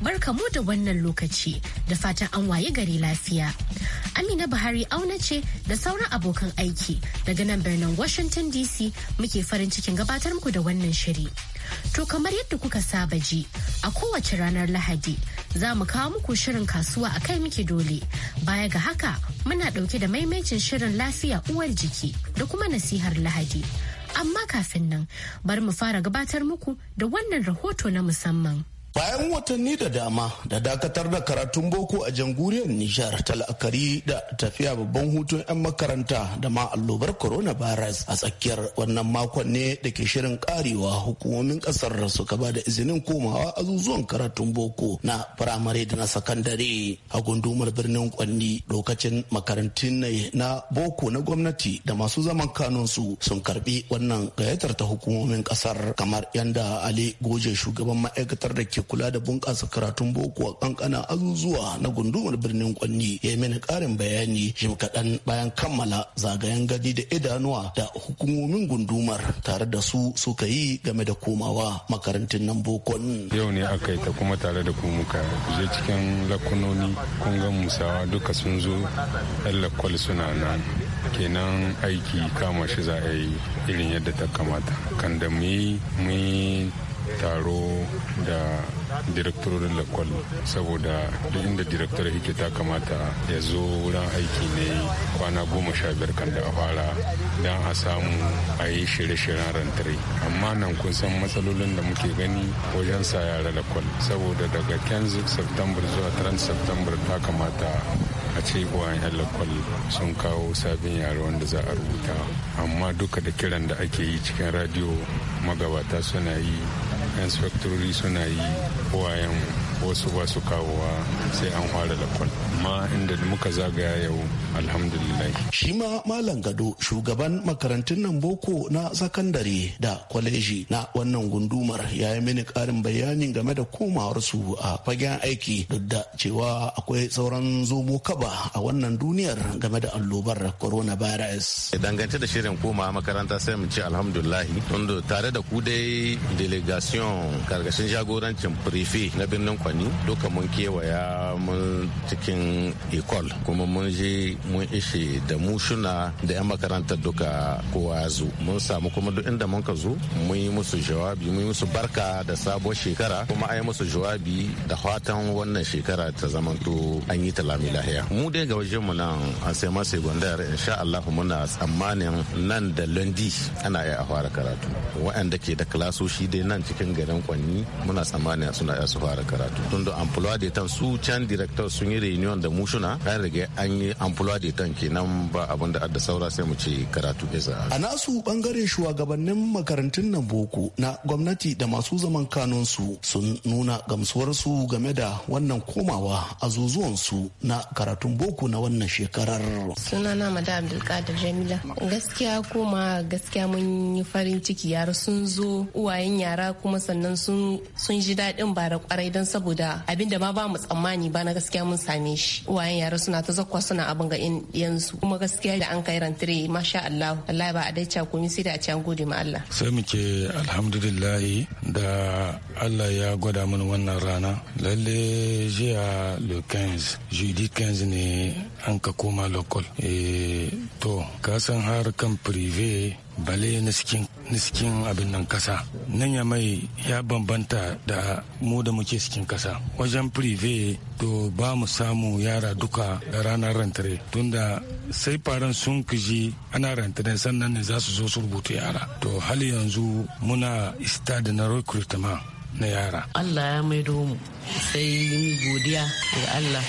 barka mu da wannan lokaci da fatan an waye gari lafiya. Amina Buhari auna ce da sauran abokan aiki daga nan birnin Washington DC muke farin cikin gabatar muku da wannan shiri. To kamar yadda kuka saba ji a kowace ranar Lahadi za mu kawo muku shirin kasuwa a kai muke dole. Baya ga haka muna ɗauke da maimaicin shirin lafiya uwar jiki da kuma nasihar Lahadi. Amma kafin nan bari mu fara gabatar muku da wannan rahoto na musamman. Bayan watanni da dama da dakatar da karatun boko a jamhuriyar Nijar ta la'akari da tafiya babban hutun 'yan makaranta da ma allobar corona virus a tsakiyar wannan makon ne da ke shirin karewa hukumomin kasar suka ba da izinin komawa azuzuwan karatun boko na firamare da na sakandare a gundumar birnin kwanni lokacin makarantun ne na boko na gwamnati da masu zaman kanunsu sun karbi wannan gayyatar ta hukumomin kasar kamar yanda Ali Goje shugaban ma'aikatar da ke ke kula da bunƙasa karatun boko a kankana azuzuwa na gundumar birnin Kwanni ya mini ƙarin bayani jim kaɗan bayan kammala zagayen gadi da idanuwa da hukumomin gundumar tare da su suka yi game da komawa makarantun nan bokon. Yau ne aka yi ta kuma tare da kumuka muka je cikin lakunoni kungan musawa duka sun zo yan lakwal suna nan kenan aiki kama shi za a yi irin yadda ta kamata kan da mu yi taro da direktorin lakwal saboda duk inda direktor yake ta kamata ya zo wurin aiki ne kwana goma sha biyar kan da a fara don a samu a yi shirye-shiryen rantare amma nan kun san matsalolin da muke gani wajen sa yara lakwal saboda daga 10 september zuwa 30 september ta kamata a ce uwayen yan lakwal sun kawo sabin yara wanda za a rubuta amma duka da kiran da ake yi cikin radio magabata suna yi inspectorori suna yi wayan wasu ba su kawowa sai an fara lakwal ma inda muka zagaya yau alhamdulillah shi ma malam gado shugaban makarantun nan boko na sakandare da kwaleji na wannan gundumar ya yi mini karin bayani game da komawarsu a fagen aiki duk da cewa akwai sauran zomo kaba a wannan duniyar game da allobar coronavirus dangance da shirin koma makaranta sai mu ce alhamdulahi tare da ku dai delegation karkashin jagorancin prefe na birnin kamfani duka mun kewaya mun cikin ecol kuma mun je mun ishe da mushuna da 'yan makaranta duka kowa ya zo mun samu kuma duk inda mun ka zo mun yi musu jawabi mun yi musu barka da sabuwar shekara kuma an yi musu jawabi da fatan wannan shekara ta zamanto an yi ta lami lahiya mu dai ga wajen mu nan a sai ma secondary insha Allah muna tsammanin nan da lundi ana yi a fara karatu waɗanda ke da klasoshi dai nan cikin garin kwanni muna tsammanin suna iya su fara karatu tunda da de su can director sun yi reunion da mushuna an riga an yi amfula de tan kenan ba abin da adda saura sai mu ce karatu isa a nasu bangare shugabannin makarantun nan boko na gwamnati da masu zaman kanun su sun nuna gamsuwar su game da wannan komawa a azuzuwan su na karatun boko na wannan shekarar sunana madam abdulkadir jamila gaskiya koma gaskiya mun yi farin ciki yara sun zo uwayen yara kuma sannan sun ji daɗin ba da kwarai don saboda saboda abinda ma ba mu tsammani ba na gaskiya mun same shi wayan yara suna ta zakwa suna abin ga yanzu. kuma gaskiya da an kai rantire masha Allah wallahi ba a dai komi sai da a ci an gode ma Allah sai mu ce alhamdulillah da Allah ya gwada mana wannan rana lalle jiya le 15 jeudi 15 ne an ka koma lokol. Eh, to ka san har kan prive bale na cikin abin nan kasa nan ya mai ya bambanta da mu da muke cikin kasa wajen prive to ba mu samu yara duka da ranar rantare tunda sai faran sun kiji ana rantare sannan ne za su zo su rubuta yara to hali yanzu muna ista da na recruitment na yara allah ya maido mu sai godiya ga allah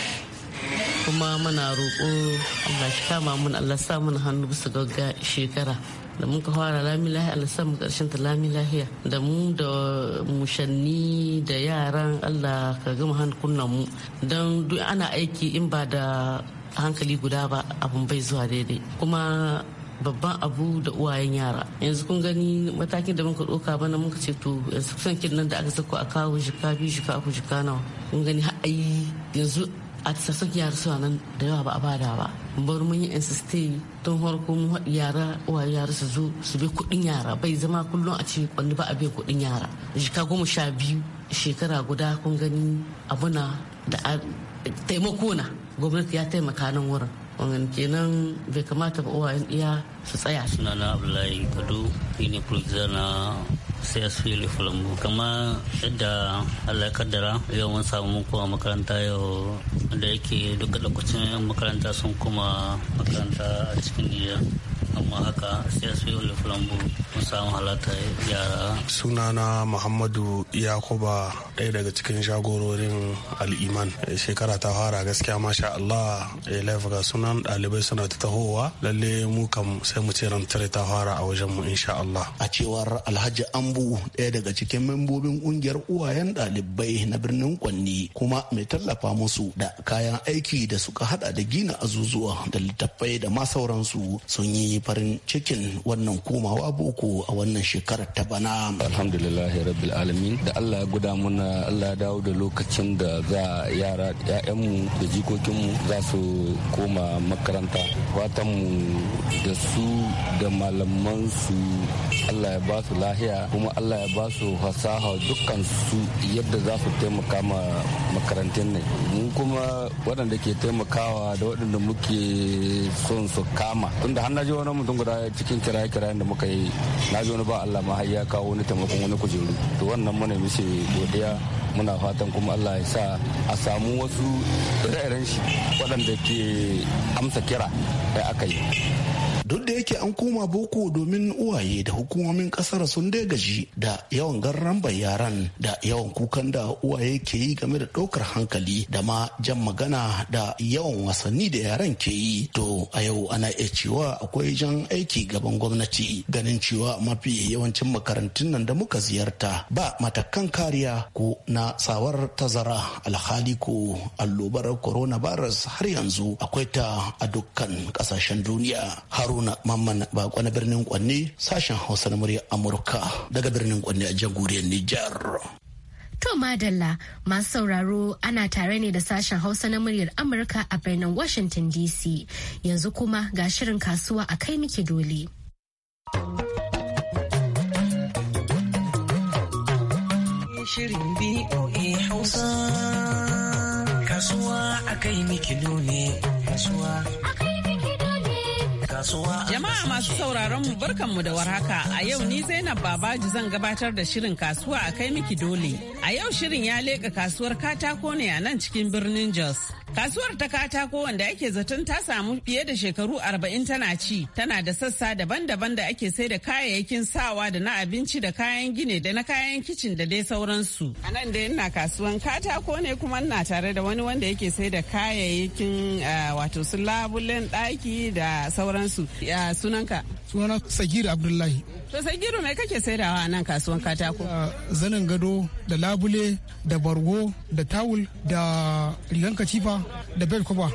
kuma muna roƙo Allah shi kama mun Allah samun hannu bisa gaggawa shekara da mun ka fara lami lahiya Allah samu karshen ta lami lahiya da mu da mushanni da yaran Allah ka gama hankunan mu don duk ana aiki in ba da hankali guda ba abun bai zuwa daidai kuma babban abu da uwayen yara yanzu kun gani matakin da muka ɗauka bana muka ce to yanzu kusan kin da aka sako a kawo shika biyu shika uku shika nawa kun gani har yanzu a sassan yara suna nan da yawa ba a bada ba bar mun yi insiste don farko mu haɗu yara wa yara su zo su bi kuɗin yara bai zama kullum a ce kwalli ba a bi kuɗin yara shekara goma sha biyu shekara guda kun gani abuna da taimako na gwamnati ya taimaka nan wurin wannan kenan bai kamata ba uwayen iya su tsaya sunana abdullahi kado ni ne na sai asfili fulangu kama yadda allah ya kaddara yau mun samu kowa makaranta yau da yake duka lokacin makaranta sun kuma makaranta a cikin gida amma haka sai su yi samu yara sunana muhammadu yakuba ɗaya daga cikin shagororin al'iman eh, shekara ta fara gaskiya masha allah eh, life ga sunan ɗalibai suna ta tahowa lalle mu kam sai mu ce rantare ta fara a wajen mu insha allah a cewar alhaji ambu ɗaya daga cikin membobin ƙungiyar uwayen ɗalibai na birnin kwanni kuma mai tallafa musu da kayan aiki da suka hada da gina azuzuwa da littattafai da ma sauransu sun yi farin cikin wannan komawa boko a wannan shekarar ta bana. Alhamdulillah rabbil alamin da Allah guda muna Allah dawo da lokacin da za yara ‘ya'yanmu da jikokinmu za su koma makaranta. Fatanmu da su da malaman su Allah ya ba su lahiya kuma Allah ya ba su fasaha dukkan su yadda za su taimaka ma makarantun ne. Mu kuma waɗanda ke taimakawa da waɗanda muke son su kama. Tunda har na ji wani wannan mutum guda cikin kiraye kirayen da muka yi na ji wani ba Allah ma ya kawo wani taimakon wani kujeru to wannan muna mishi godiya muna fatan kuma Allah ya sa a samu wasu ire-iren shi waɗanda ke amsa kira da aka yi duk da yake an koma boko domin uwaye da hukumomin kasar sun dai gaji da yawan garran yaran da yawan kukan da uwaye ke yi game da ɗaukar hankali da ma jan magana da yawan wasanni da yaran ke yi to a yau ana iya cewa akwai jan aiki gaban gwamnati ganin cewa mafi yawancin makarantun nan da muka ziyarta ba matakan kariya ko na tsawar tazara alhali ko allobar coronavirus har yanzu akwai ta a dukkan ƙasashen duniya haruna haruna mamman bako na birnin kwanne sashen hausa na murya amurka daga birnin kwanne a jamhuriyar nijar To Madalla masu sauraro ana tare ne da sashen Hausa na muryar Amurka a birnin Washington DC. Yanzu kuma ga shirin kasuwa a kai muke dole. Kasuwa a kai miki dole. Kasuwa a kai Jama'a masu sauraron mu da warhaka. A yau ni Zainab Babaji zan gabatar da shirin kasuwa a kai miki dole. A yau shirin ya leka kasuwar katako ne a nan cikin birnin Jos. Kasuwar ta katako wanda ake zaton ta samu fiye da shekaru arba'in tana ci, tana da sassa daban-daban da ake sai da kayayyakin sawa da na abinci da kayan gine da na kayan kicin da dai sauransu. A nan da ina kasuwan katako ne kuma ina tare da wani wanda yake sai da kayayyakin eh, wato su labulen ɗaki da sauransu. Ya sunanka? Sunana Sagiru Abdullahi. To sai giro mai kake saidawa a nan kasuwan katako? Zanin gado da labule da bargo da tawul da rigan kacifa da bed kwaba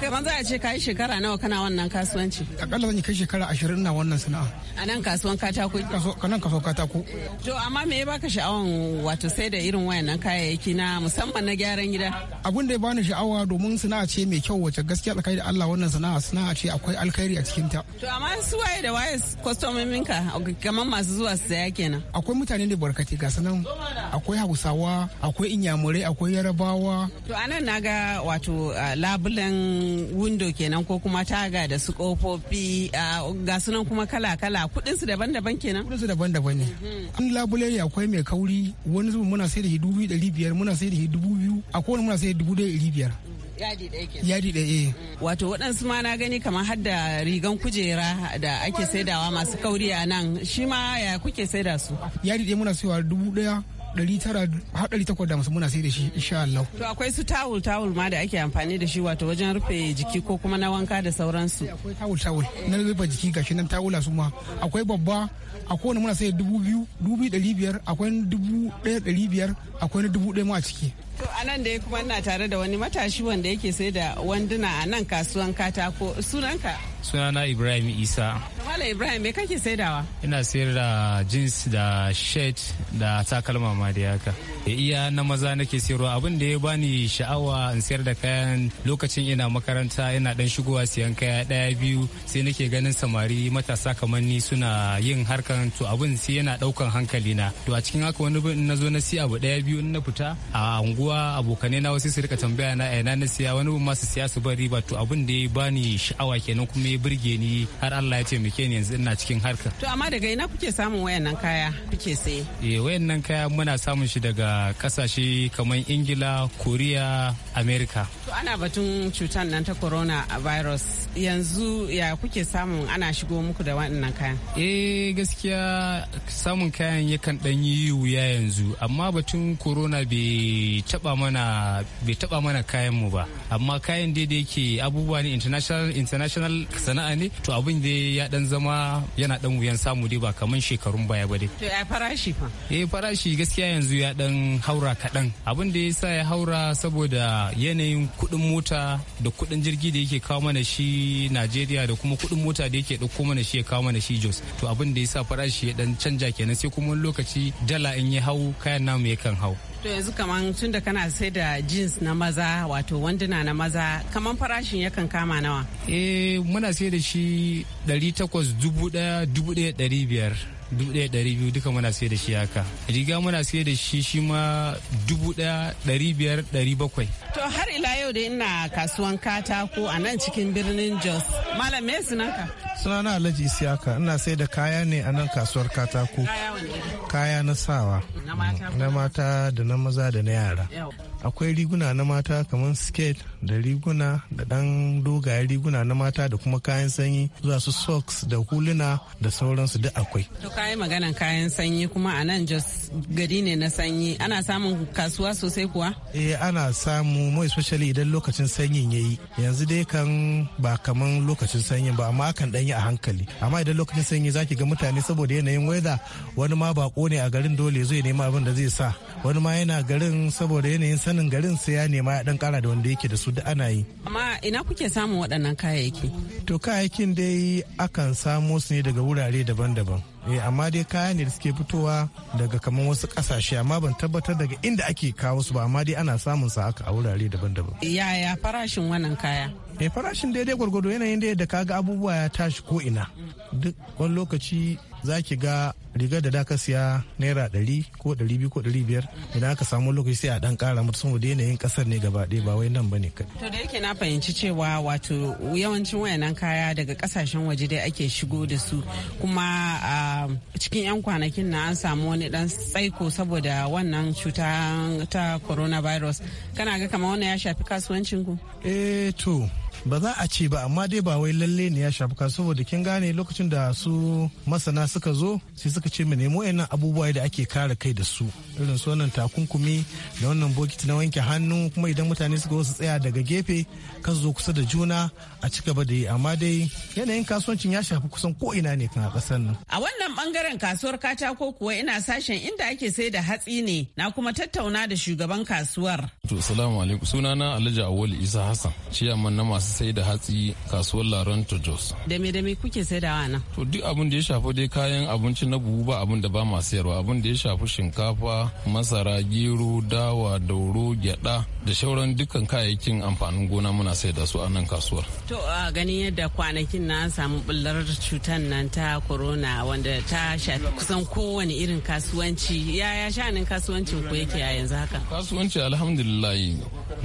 Kai ban za a ce ka yi shekara nawa kana wannan kasuwanci? Akalla zan yi kai shekara ashirin na wannan sana'a. A nan kasuwan katako? ka nan kasuwan katako. To amma me ya baka sha'awan wato sai da irin wayannan kayayyaki na musamman na gyaran gida? Abin da ya bani sha'awa domin sana'a ce mai kyau wacce gaskiya tsakani da Allah wannan sana'a sana'a ce akwai alkhairi a cikinta. To amma su waye da waye kwastomominka kamar masu zuwa saya kenan akwai mutane da barkati ga sanan akwai hausawa akwai inyamurai akwai yarabawa to anan naga wato labulen window kenan ko kuma taga da su kofofi ga sunan kuma kala kala kudin su daban-daban kenan kudin su daban-daban ne mhm. an labulan ya akwai mai kauri wani zubin muna sai da dubu biyar muna sai da dubu biyu akwai wani muna sai da dubu biyar yadi ɗaya ke yadi ɗaya eh. mm. wato waɗansu ma na gani kamar har da rigan kujera da ake saidawa masu kauri a nan shi ma ya kuke saida su yadi ɗaya muna saiwa dubu ɗaya ɗari tara har ɗari takwas da masu muna sai da shi insha Allah. To akwai su tawul tawul ma da ake amfani da shi wato wajen rufe jiki ko kuma na wanka da sauransu. Eh, akwai tawul tawul na rufe jiki gashi nan tawula su ma akwai babba a kowane muna sai dubu biyu dubu ɗari biyar akwai dubu ɗaya ɗari biyar akwai na dubu ɗaya ma a ciki. To a nan dai kuma ina tare da wani matashi wanda yake sai da wanduna a nan kasuwan katako sunanka? Sunana Ibrahim Isa. Malam Ibrahim me kake saidawa? Ina sayar da jeans da shirt da takalma ma da yaka. Iya na maza nake sayarwa abin da ya bani sha'awa in sayar da kayan lokacin ina makaranta ina dan shigowa siyan kaya daya biyu sai nake ganin samari matasa kamar ni suna yin harkan to abin sai yana daukan hankali na. To a cikin haka wani bin na zo na siya abu daya biyu in na fita a unguwa abokanai na wasu su rika tambaya na ina na siya wani bin su siya su bari ba to abin da ya bani sha'awa kenan kuma ya burge ni har Allah ya ce n ne yanzu ina cikin harka. To amma daga ina kuke samun wayannan kaya kuke saye? Eh wayannan kaya muna samun shi daga kasashe kamar Ingila, korea Amerika. To ana batun cutar nan ta corona virus yanzu ya kuke samun ana shigo muku da waɗannan kayan? Eh gaskiya samun kayan yakan ɗan yi wuya yanzu amma batun corona bai taba mana bai taba mana kayan mu ba amma kayan dai da yake abubuwa ne international international sana'a ne to abin da ya dan zama yana dan wuyan samu dai ba kamar shekarun baya ba dai to a farashi fa eh farashi gaskiya yanzu ya dan haura kaɗan abin da ya sa ya haura saboda yanayin kuɗin mota da kuɗin jirgi da yake kawo mana shi Najeriya da kuma kuɗin mota da yake ɗauko mana shi ya kawo mana shi Jos to abin da ya sa farashi ya dan canja kenan sai kuma lokaci dala in ya hau kayan namu ya kan hau To yanzu kaman tun da kana sai da jeans na maza wato wanduna na maza kaman farashin yakan kama nawa? Eh muna sai da shi dubu biyar duka muna sai da shi haka. Riga muna sai da shi shi ma bakwai. To har ila yau da ina kasuwan katako a nan cikin birnin Jos. Malam me sunanka? suna na alhaji isiyaka ina sai da kaya ne a nan kasuwar katako kaya na sawa na mata da na maza da na yara akwai riguna na mata kamar skate da riguna da dan dogaye riguna na mata da kuma kayan sanyi zuwa su socks da huluna da sauransu duk akwai to kayi maganan kayan sanyi kuma a nan jos gari ne na sanyi ana samun kasuwa sosai kuwa eh ana samu mo especially idan lokacin sanyin yayi yanzu dai kan ba kaman lokacin sanyin ba amma kan dan sanyi a hankali amma idan lokacin sanyi zaki ga mutane saboda yanayin weather wani ma bako ne a garin dole zai nema abin da zai sa wani ma yana garin saboda yanayin sanin garin sai ya nema ya dan kara da wanda yake da su da ana yi amma ina kuke samun waɗannan kayayyaki to kayayyakin dai akan samo su ne daga wurare daban-daban eh amma dai kaya ne da suke fitowa daga kamar wasu kasashe amma ban tabbatar daga inda ake kawo su ba amma dai ana samun sa haka a wurare daban-daban yaya farashin wannan kaya eh farashin daidai gwargwado yanayin da ka ga abubuwa ya tashi ko ina duk wani lokaci za ki ga rigar da daka siya naira ɗari ko ɗari biyu ko ɗari biyar idan aka samu lokaci sai a ɗan ƙara mutu saboda yanayin ƙasar ne gaba ɗaya ba wai nan ba ne to da yake na fahimci cewa wato yawancin wayannan kaya daga kasashen waje dai ake shigo da su kuma cikin 'yan kwanakin na an samu wani ɗan tsaiko saboda wannan cuta ta coronavirus kana ga kamar wannan ya shafi kasuwancin ku. eh to ba za a ce ba amma dai ba wai lalle ne ya shafi kasuwa saboda kin gane lokacin da su masana suka zo sai suka ce mu nemo wayannan abubuwa da ake kare kai da su irin su wannan takunkumi da wannan bokiti na wanke hannu kuma idan mutane suka wasu tsaya daga gefe ka zo kusa da juna a ci gaba da yi amma dai yanayin kasuwancin ya shafi kusan ko ina ne kan a kasar nan a wannan bangaren kasuwar katako kuwa ina sashen inda ake sai da hatsi ne na kuma tattauna da shugaban kasuwar to salamu alaikum sunana Alhaji Awali Isa Hassan ciyaman na masu sai da hatsi kasuwar Laron to Jos. Da me da me kuke saidawa nan? To duk abin da ya shafi dai kayan abinci na buhu ba abin da ba ma sayarwa abin da ya shafi shinkafa, masara, gero, dawa, dauro, gyada da shauran dukkan kayayyakin amfanin gona muna da su a nan kasuwar. To a ganin yadda kwanakin na samu bullar cutar nan ta corona wanda ta shafi kusan kowane irin kasuwanci yaya shanin kasuwanci ku yake a yanzu haka? Kasuwanci alhamdulillah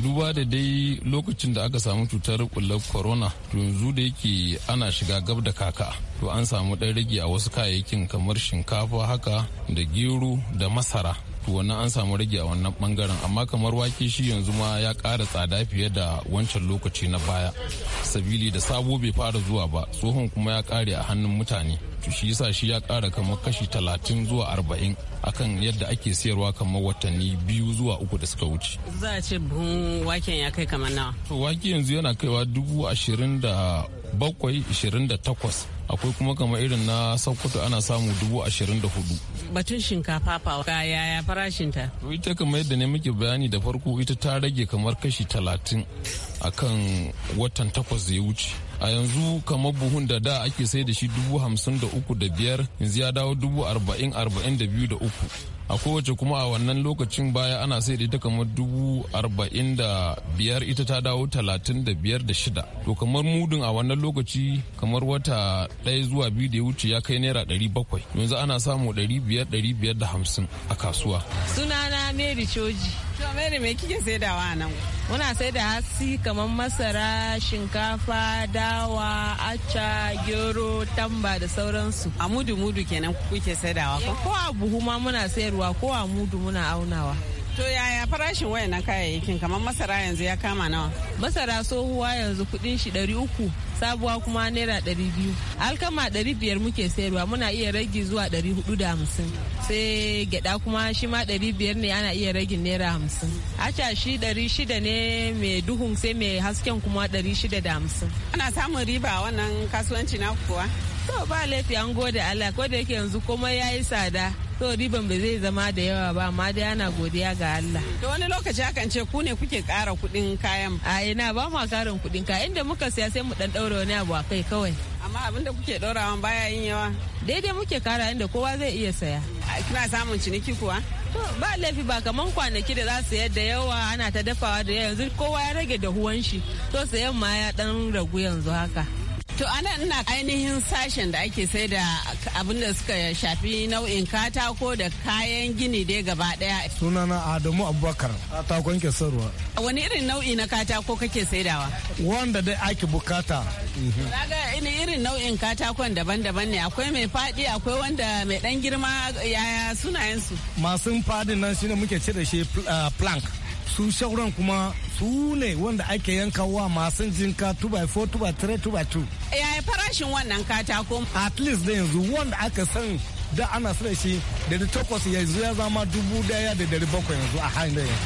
duba da dai lokacin da aka samu cutar bullar corona to yanzu da yake ana shiga gab da kaka to an samu ɗan rage a wasu kayayyakin kamar shinkafa haka da gero da masara to wannan an samu rage a wannan bangaren amma kamar wake shi yanzu ma ya kara tsada fiye da wancan lokaci na baya sabili da sabo bai fara zuwa ba tsohon kuma ya kare a hannun mutane to shi yasa shi ya kara kamar kashi talatin zuwa arba'in akan yadda ake siyarwa kamar watanni biyu zuwa uku da suka wuce. Za a ce buhun waken ya kai kamar nawa? To wake yanzu yana kaiwa dubu ashirin da bakwai ishirin da takwas akwai kuma kamar irin na sokoto ana samu dubu ashirin da hudu batun shinkafa fa ga yaya farashinta ita kamar yadda ne muke bayani da farko ita ta rage kamar kashi talatin akan watan takwas da ya wuce a yanzu kamar buhun da da ake sai da shi dubu hamsin da uku da biyar yanzu ya dawo dubu arba'in arba'in da biyu da uku a kowace kuma a wannan lokacin baya ana sai da ita kamar dubu arba'in da biyar ita ta dawo talatin da biyar da shida to kamar mudun a wannan lokaci kamar wata ɗaya zuwa biyu da ya wuce ya kai naira ɗari bakwai yanzu ana samu ɗari biyar ɗari biyar da hamsin a kasuwa. sunana mary choji to mary me kike saidawa nan muna saida hasi kamar masara shinkafa dawa acca gero tamba da sauransu a mudu mudu kenan kuke saidawa ko a buhu ma muna sayarwa ruwa ko a mudu muna aunawa To yaya farashin wayannan kayayyakin kamar masara yanzu ya kama nawa? Masara tsohuwa yanzu kudin shi ɗari uku sabuwa kuma naira ɗari biyu. Alkama ɗari biyar muke sayarwa muna iya ragi zuwa ɗari hudu da hamsin. Sai gyaɗa kuma shi ma ɗari biyar ne ana iya ragin naira hamsin. Aca shi ɗari shida ne mai duhun sai mai hasken kuma ɗari shida da hamsin. Ana samun riba wannan kasuwanci na kuwa? To ba laifi an gode Allah ko da yake yanzu komai ya yi tsada. so riban ba zai zama da yawa ba amma dai ana godiya ga Allah da wani lokaci akan ce ku ne kuke ƙara kuɗin kayan a ina ba ma ƙarin kuɗin kayan inda muka siya sai mu dan ɗaura wani abu a kai kawai amma abin da kuke ɗorawa baya yin yawa daidai muke kara inda kowa zai iya saya kina samun ciniki kuwa ba laifi ba kaman kwanaki da za su da yawa ana ta dafawa da yanzu kowa ya rage da huwan shi to sayan ma ya ɗan ragu yanzu haka To anan ina ainihin sashen da ake sai da abin da suka shafi nau'in katako da kayan gini dai gaba daya. Sunana Adamu Abubakar katakon ke sarwa. Wani irin nau'i na katako kake saidawa? Wanda dai ake bukata. Zaga ini irin nau'in katakon daban-daban ne akwai mai faɗi akwai wanda mai ɗan girma yaya sunayensu. Masu fadin nan shine muke cire shi uh, plank. su shauran kuma su ne wanda ake yankawa masu jinka 2x4 2x3 2x2 yaya farashin wannan katako at least da yanzu wanda aka san da ana sai shi da da takwas ya ya zama dubu daya da dari bakwai yanzu a halin da yanzu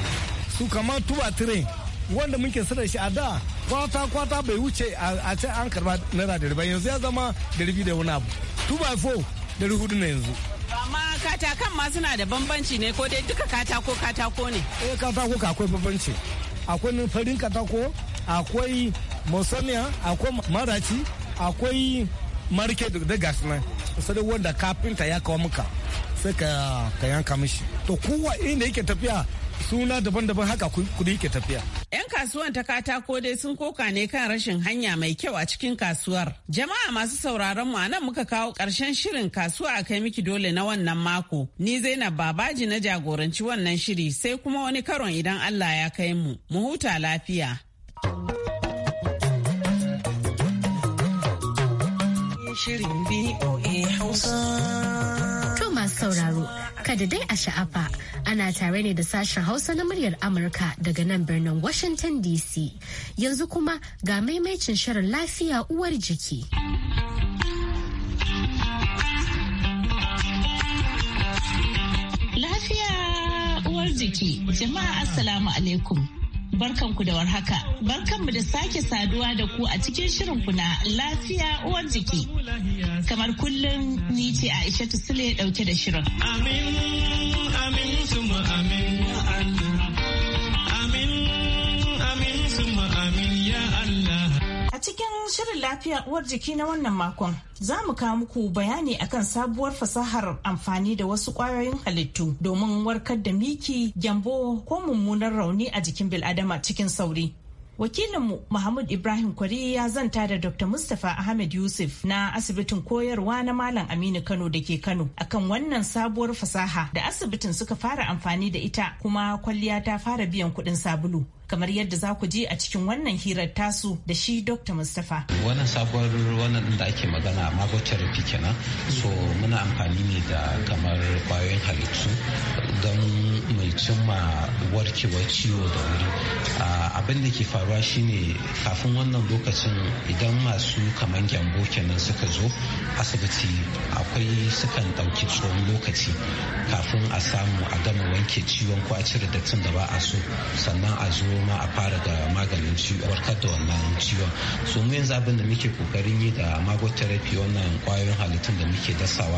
su kama 2x3 wanda muke sai shi a da kwata kwata bai wuce a ce an karba naira dari ba yanzu ya zama dari biyu da wani abu 2x4 dari hudu na yanzu katakan ma suna da bambanci ne ko dai duka katako katako ne eh katako ka akwai bambanci akwai farin katako akwai musamman akwai maraci akwai marke da gas nan sai wanda kafinta ya kawo muka sai ka yanka mishi to kowa inda yake tafiya suna daban-daban haka kudi ke tafiya. 'Yan kasuwan ta katako dai sun koka ne kan rashin hanya mai kyau a cikin kasuwar. Jama'a masu sauraron mu nan muka kawo ƙarshen shirin kasuwa a kai miki dole na wannan mako. Ni Zainab Babaji na jagoranci wannan shiri sai kuma wani karon idan Allah ya kai mu. Mu huta lafiya. Shirin BOA Hausa. sauraro, kada dai a sha'afa ana tare ne da sashen Hausa na muryar Amurka daga nan birnin Washington DC. Yanzu kuma ga maimacin shirin lafiya uwar jiki. Lafiya uwar jiki, jama'a Assalamu alaikum. Barkanku da warhaka. Barkanmu da sake saduwa da ku a cikin shirin ku na lafiya uwar jiki. Kamar kullum ni ce Aisha Sule dauke da shirin. Amin, amin, amin. shirin lafiya uwar jiki na wannan makon za mu kawo muku bayani akan sabuwar fasahar amfani da wasu kwayoyin halittu domin warkar da miki gyambo ko mummunar rauni a jikin bil'adama cikin sauri Wakilinmu Mahmud Ibrahim Kwari ya zanta da Dr. Mustapha Ahmed Yusuf na asibitin koyarwa na Malam Aminu Kano da ke Kano akan wannan sabuwar fasaha da asibitin suka fara amfani da ita kuma kwalliya ta fara biyan kuɗin sabulu. kamar yadda za ku ji a cikin wannan hirar tasu da shi Dr. Mustapha. Wannan sabuwar wannan da ake magana mago therapy kenan so muna amfani ne da kamar kwayoyin halittu don mai cimma warkewar ciwo da wuri abin da ke faruwa shine kafin wannan lokacin idan masu kaman gyambo kenan suka zo asibiti akwai sukan ɗauki tsohon lokaci kafin a samu a gama wanke ciwon ko a cire dattin da ba a so sannan a zo ma a fara da maganin warkar da wannan ciwon so mu yanzu abin da muke kokarin yi da magotherapy wannan kwayoyin halittun da muke dasawa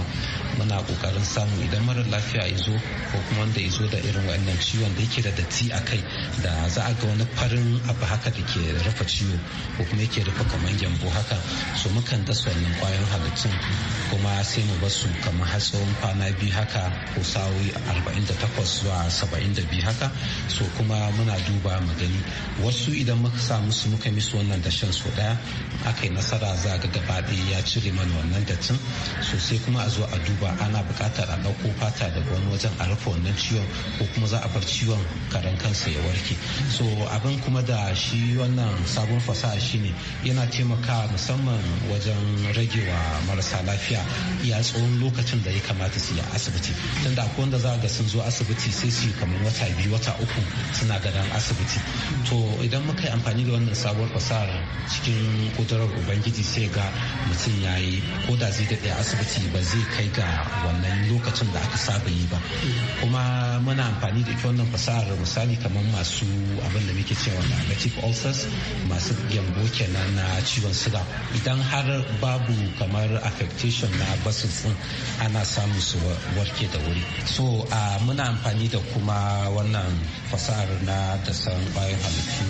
muna kokarin samu idan mara lafiya ya zo ko kuma wanda ya zo da irin wannan ciwon da yake da datti a kai da za a ga wani farin abu haka da ke rufe ciwo ko kuma yake rufe kamar gyambo haka so mukan dasa wannan kwayoyin halittun kuma sai mu su kamar har kwana biyu haka ko sa'o'i arba'in da takwas zuwa saba'in da biyu haka so kuma muna duba mu gani wasu idan muka sa musu muka misu wannan dashen so daya aka yi nasara za ga gaba ɗaya ya cire mana wannan dattin sosai kuma a zo a duba ana buƙatar a ɗauko fata daga wani wajen a rufe wannan ciwon ko kuma za a bar ciwon karan kansa ya warke so abin kuma da shi wannan sabon fasaha shine yana taimaka musamman wajen ragewa marasa lafiya Ya tsawon lokacin da ya kamata su yi asibiti tunda akwai wanda za ga sun zo asibiti sai su kamar wata biyu wata uku suna gadon asibiti to idan muka yi amfani da wannan sabon fasaha cikin kudurar ubangiji sai ga mutum ya yi ko da zai daɗe asibiti ba zai kai ga wannan lokacin da aka saba yi ba kuma ana amfani da ita wannan fasahar misali kamar masu abin da muke cewa diabetic ulcers masu gyambo kenan na ciwon suga idan har babu kamar affectation na basis sun ana samun su warke da wuri so a muna amfani da kuma wannan fasahar na da san bayan halittu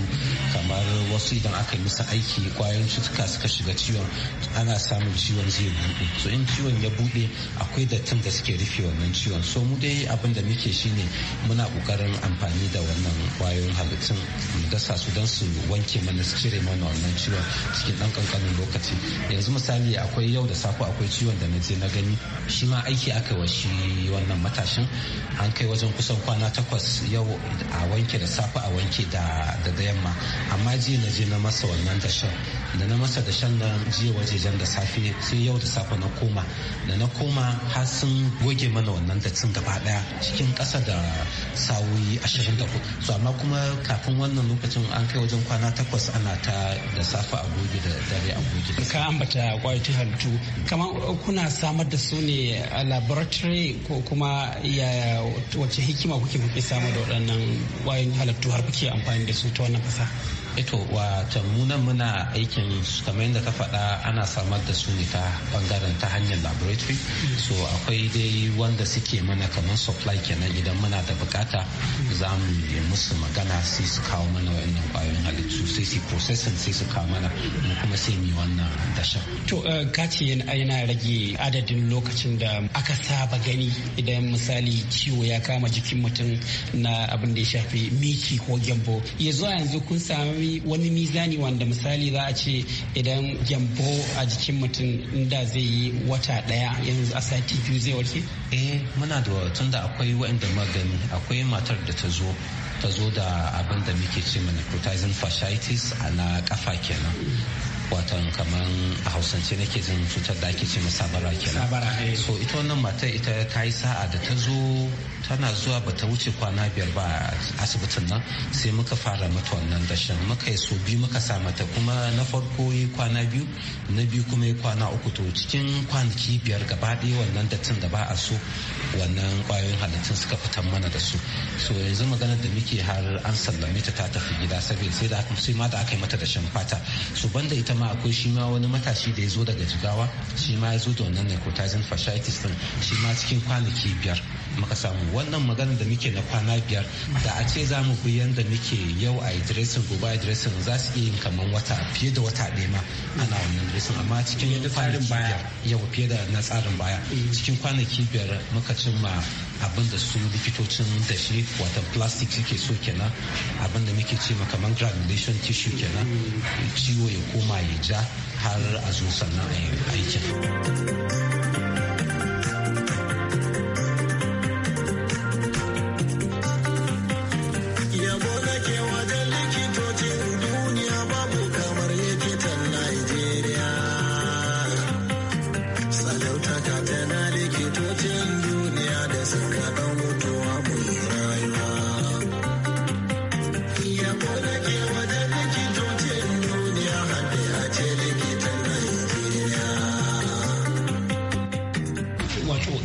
kamar wasu idan aka yi musu aiki kwayoyin cutuka suka shiga ciwon ana samun ciwon zai buɗe so in ciwon ya buɗe akwai dattin da suke rufe wannan ciwon so mu dai abin da muke shine muna kokarin amfani da wannan kwayoyin halittun mu dasa su don su wanke mana su cire mana wannan ciwon cikin dan kankanin lokaci yanzu misali akwai yau da safe akwai ciwon da na je na gani shi ma aiki aka wa shi wannan matashin an kai wajen kusan kwana takwas yau a wanke da safe a wanke da da yamma amma jiya na je na masa wannan dashen da na masa dashen nan jiya wajejen da safe sai yau da safe na koma da na koma har sun goge mana wannan datsin gaba daya cikin kasa da da 24 su amma kuma kafin wannan lokacin an kai wajen kwana takwas ana ta da safa a goge da dare a goge ka ambata kwayoyin halittu kamar uh, kuna samar da su ne a laboratory ko kuma ya wace hikima kuke kuke samar da waɗannan kwayoyin halittu har kuke amfani da su ta wannan fasaha ito wa munan muna aikin kamar yadda ka faɗa ana samar da su ne ta bangaren ta hanyar laboratory so akwai dai wanda suke mana kamar supply kenan idan muna da bukata za mu yi musu magana sai su kawo mana wa'annan kwayoyin halittu sai su processing sai su kawo mana mu kuma sai mu wannan dashen. to eh, kaci yana rage adadin lokacin da aka saba gani idan misali ciwo ya kama jikin mutum na abin da ya shafi miki ko gyambo ya a yanzu kun sami akwai wani mizani wanda misali za a ce idan gyambo a jikin mutum inda zai yi wata daya yanzu a sati biyu zai warke? eh muna da da akwai waanda magani akwai matar da ta zo ta zo da abin da muke ce ma necrotizing fasciitis na kafa kenan watan kaman a hausance nake jin cutar da ake ce sabara kenan eh. so ita wannan matar ita ta yi sa'a da ta zo tana zuwa ba ta wuce kwana biyar ba a asibitin nan sai muka fara mata wannan dashen muka yi so biyu muka sa mata kuma na farko yi kwana biyu na biyu kuma yi kwana uku to cikin kwanaki biyar gaba ɗaya wannan datin da ba a so wannan kwayoyin halittun suka fitan mana da su so yanzu maganar da muke har an sallame ta ta tafi gida saboda sai da sai ma da aka yi mata dashen fata so banda ita ma akwai shi ma wani matashi da ya zo daga jigawa shi ma ya zo da wannan necrotizing fasciitis din shi ma cikin kwanaki biyar muka samu wannan magana da muke na kwana biyar da a ce za mu bi yadda muke yau a idresin gobe a idresin za su iya yin kamar wata fiye da wata ɗaya ma ana wannan idresin amma cikin kwanaki biyar yau fiye da na tsarin baya eh. cikin kwanaki biyar muka cimma abinda su likitocin da shi wata plastic suke so kenan abin da muke ce ma kamar granulation tissue kenan eh. ciwo ya koma ya ja har a zo sannan a aikin.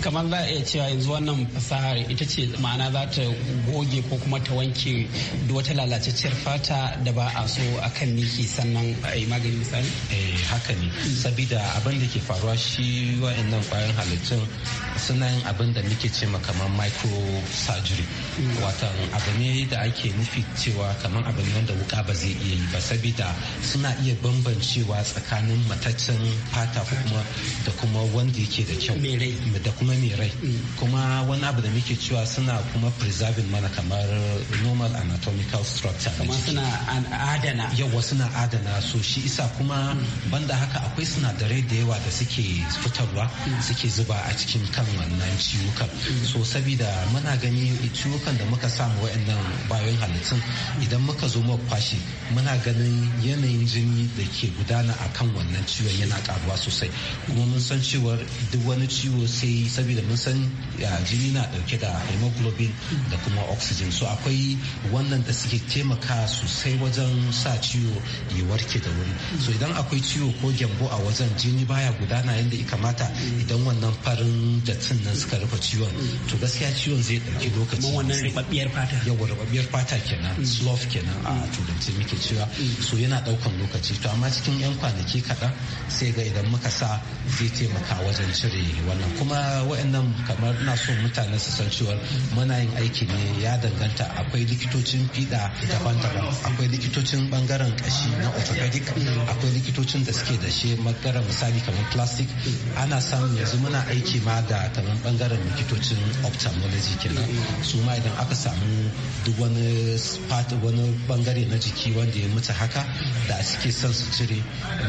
kamar za a iya cewa yanzu wannan fasahar ita ce ma'ana za ta goge ko kuma ta wanke da wata lalacecciyar fata da ba a so a kan niki sannan a yi magani misali? Eh, haka ne sabida abin da ke faruwa shi wa'annan kwayan halittun suna yin abin da muke ce ma kamar micro surgery mm. watan abu ne da ake nufi cewa kamar abin ne wanda wuka ba zai iya yi ba saboda suna iya bambancewa tsakanin mataccen fata kuma da kuma wanda yake da kyau da kuma mai rai mm. kuma wani abu da muke cewa suna kuma preserving mana kamar normal anatomical structure Kuma suna adana yawa suna adana so shi isa kuma mm. banda haka akwai sinadarai da yawa da suke fitarwa suke zuba a cikin kan wannan ciwukan so sabida muna gani ciwukan da muka samu wa'annan bayan halittun idan muka zo muka kwashe muna ganin yanayin jini da ke gudana a kan wannan ciwon yana karuwa sosai kuma mun san cewar duk wani ciwo sai sabida mun san jini na dauke da hemoglobin da kuma oxygen so akwai wannan da suke taimaka sosai wajen sa ciwo ya warke da wuri so idan akwai ciwo ko gyambo a wajen jini baya gudana yadda ya kamata idan wannan farin da nan suka rufe ciwon to gaskiya ciwon zai ɗauki lokaci wannan fata yawa fata kenan mm. slough kenan a mm. turanci muke cewa mm. so yana ɗaukan lokaci to amma cikin yan kwanaki kaɗan sai ga idan muka sa zai taimaka wajen cire wannan kuma wa'annan kamar ina so mutane su san cewa muna yin aiki ne ya danganta akwai likitocin fiɗa daban-daban akwai likitocin bangaren kashi na orthopedic akwai likitocin da suke da shi magara misali kamar plastic ana samun yanzu muna aiki ma da kamar bangaren likitocin ophthalmology kenan mm. su ma idan aka samu duk wani wani bangare na jiki wanda ya mutu haka mm. da suke son su cire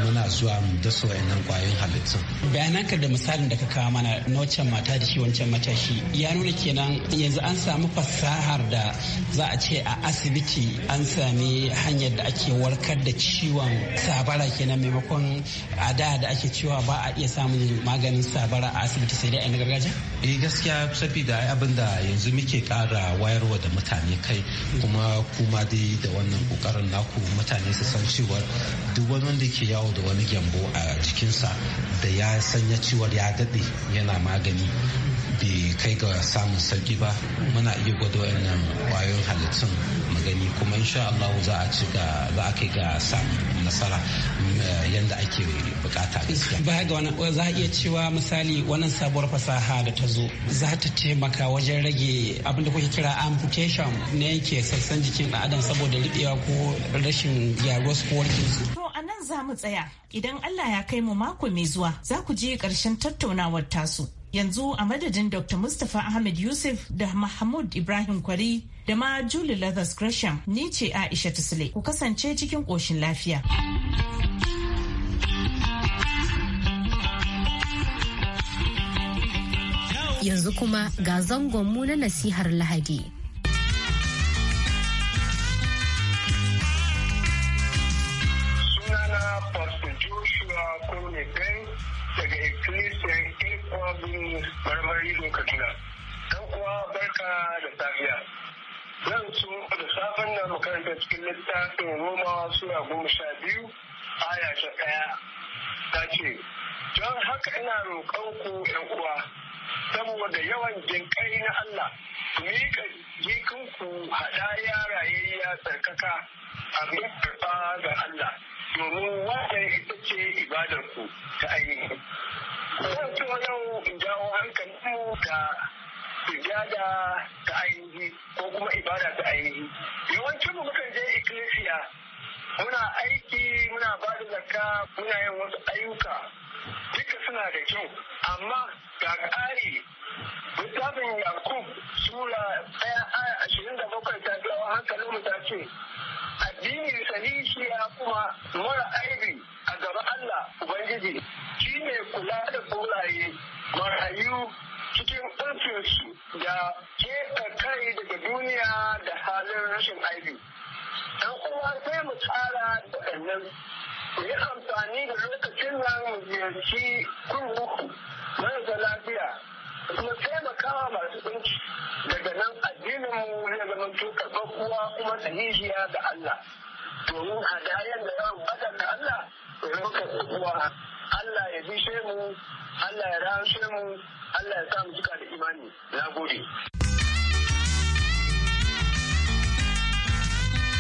muna zuwa mu su wayannan kwayoyin halittun bayananka da misalin da ka kawo mana na wancan mata da shi wancan matashi ya nuna kenan yanzu an samu fasahar da za a ce a asibiti an sami hanyar da ake warkar da ciwon sabara kenan maimakon a da da ake cewa ba a iya samun maganin sabara a asibiti sai dai a gargajiya eh gaskiya sabida abinda yanzu muke kara wayarwa da mutane kai kuma kuma dai da wannan kokarin naku mutane su san cewa duk wani wanda ke yawo da wani gyambo a jikinsa da ya sanya ciwar ya daɗe yana magani bai kai ga samun sarki ba muna iya gwada wayannan kwayoyin halittun gani kuma insha Allah za a ci za a kai ga nasara eh, yanda ake bukata baya ga wannan za a iya cewa misali wannan sabuwar fasaha da ta zo za ta taimaka wajen rage abin da kuke kira amputation na yanke sassan jikin ɗan adam saboda riɗewa ko rashin gyaruwar su ko warkinsu nan za mu tsaya idan Allah ya kai mu mako mai zuwa za ku je karshen tattaunawar tasu yanzu a madadin dr mustapha ahmed yusuf da mahmud ibrahim kwari da ma julie lathers gresham ni ce aisha tisle ku kasance cikin koshin lafiya yanzu kuma ga zangonmu na nasihar lahadi sunana pastor joshua kone daga ecclesia abin marmari lokacin dan kuwa barka da safiya zan so da safen nan makaranta cikin littafin roma sura goma sha biyu aya sha ɗaya ta ce don haka ina roƙon ku yan uwa saboda yawan jinƙai na Allah ku miƙa jikinku hadaya rayayya tsarkaka abin karɓa ga Allah domin wannan ita ce ibadarku ta ainihi Zan yau in jawo hankalinmu da sujada ta ainihi ko kuma ibada ta ainihi. Yawancin mu mukan je ikkilisiya muna aiki muna ba da zakka muna yin wasu ayyuka duka suna da kyau amma ga ƙari littafin yakub sura ɗaya aya ashirin da bakwai ta jawo hankalinmu ta ce addini sanishiya kuma mara aibi a gaba Allah Ubangiji shi ne kula da sauraye marayu cikin ƙarfinsu da keta kai daga duniya da halin rashin aibi. Dan kuma sai mu tsara da ɗannan mu yi amfani da lokacin nan mu ziyarci kurkuku marasa lafiya kuma taimakawa masu ɗinki daga nan addinin mu da zama tukar kuwa kuma sahihiya da Allah. domin hadayen da yawan bada da Allah ɗaukar uwa Allah ya bishe mu Allah ya rahamshe mu Allah ya sa mu cika da imani na gode